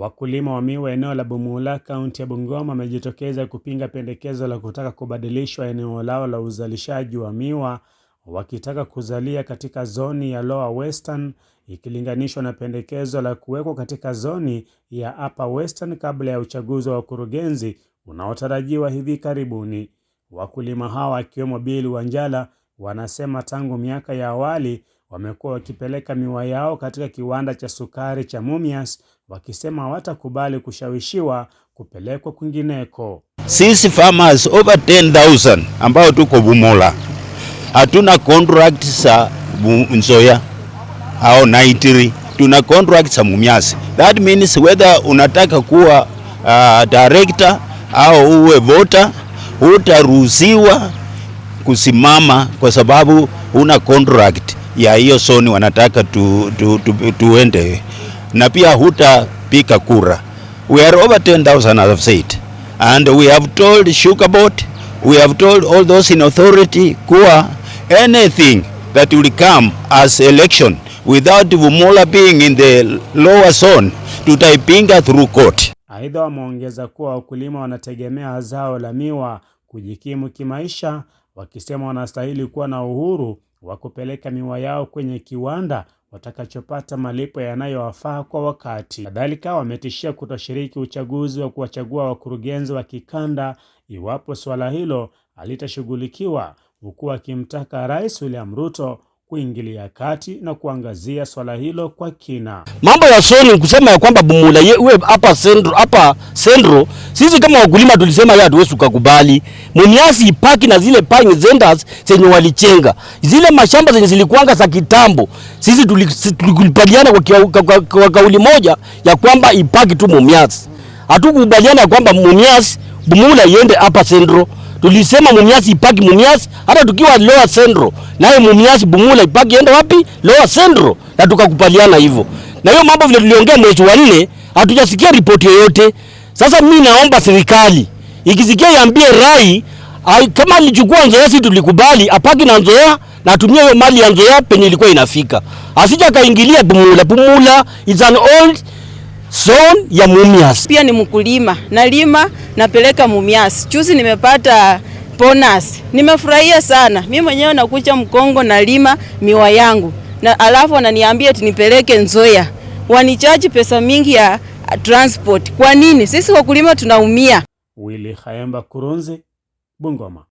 Wakulima wa miwa eneo la Bumula, kaunti ya Bungoma, wamejitokeza kupinga pendekezo la kutaka kubadilishwa eneo lao la uzalishaji wa miwa, wakitaka kuzalia katika zoni ya Lower Western ikilinganishwa na pendekezo la kuwekwa katika zoni ya Upper Western kabla ya uchaguzi wa wakurugenzi unaotarajiwa hivi karibuni. Wakulima hawa akiwemo Bill Wanjala wanasema tangu miaka ya awali wamekuwa wakipeleka miwa yao katika kiwanda cha sukari cha Mumias wakisema hawatakubali kushawishiwa kupelekwa kwingineko. Sisi farmers over 10000 ambao tuko Bumula hatuna contract za Nzoya au Naitiri, tuna contract za Mumias. That means whether unataka kuwa uh, director au uwe voter utaruhusiwa kusimama kwa sababu una contract ya hiyo zoni wanataka tu, tu, tu, tu, tuende na pia hutapika kura. We are over 10,000 as I've said and we have told Sugar Board, we have told all those in authority kuwa anything that will come as election without Bumula being in the lower zone tutaipinga through court. Aidha, wameongeza kuwa wakulima wanategemea zao la miwa kujikimu kimaisha wakisema wanastahili kuwa na uhuru wa kupeleka miwa yao kwenye kiwanda watakachopata malipo yanayowafaa kwa wakati. Kadhalika, wametishia kutoshiriki uchaguzi wa kuwachagua wakurugenzi wa kikanda iwapo suala hilo halitashughulikiwa, huku akimtaka Rais William Ruto kuingilia kati na kuangazia swala hilo kwa kina. Mambo ya soni kusema ya kwamba Bumula ye uwe hapa sendro, hapa sendro, sisi kama wakulima tulisema ya hatuwezi kukubali muniasi ipaki na zile pine zenders zenye walichenga zile mashamba zenye zilikuanga za kitambo. Sisi tulikubaliana kwa kwa, kwa, kauli moja ya kwamba ipaki tu muniasi, hatukubaliana ya kwamba muniasi Bumula iende hapa sendro Tulisema mumiasi ipaki mumiasi hata tukiwa Lower Central, naye mumiasi Bumula ipaki ende wapi? Lower Central, na tukakubaliana hivyo. Na hiyo mambo vile tuliongea mwezi wa nne, hatujasikia ripoti yoyote. Sasa mi naomba serikali ikisikia iambie Rai ay, kama alichukua Nzoia, si tulikubali apaki na Nzoia na atumie hiyo mali ya Nzoia penye ilikuwa inafika, asija kaingilia Bumula. Bumula is an old zone ya Mumias. Pia ni mkulima, nalima napeleka Mumias. Chuzi nimepata bonus, nimefurahia sana. Mimi mwenyewe nakucha Mkongo, nalima miwa yangu na alafu wananiambia tunipeleke nipeleke Nzoia, wanichaji pesa mingi ya transport. Kwa nini? Sisi wakulima tunaumia. Willy Khayemba Kurunzi, Bungoma.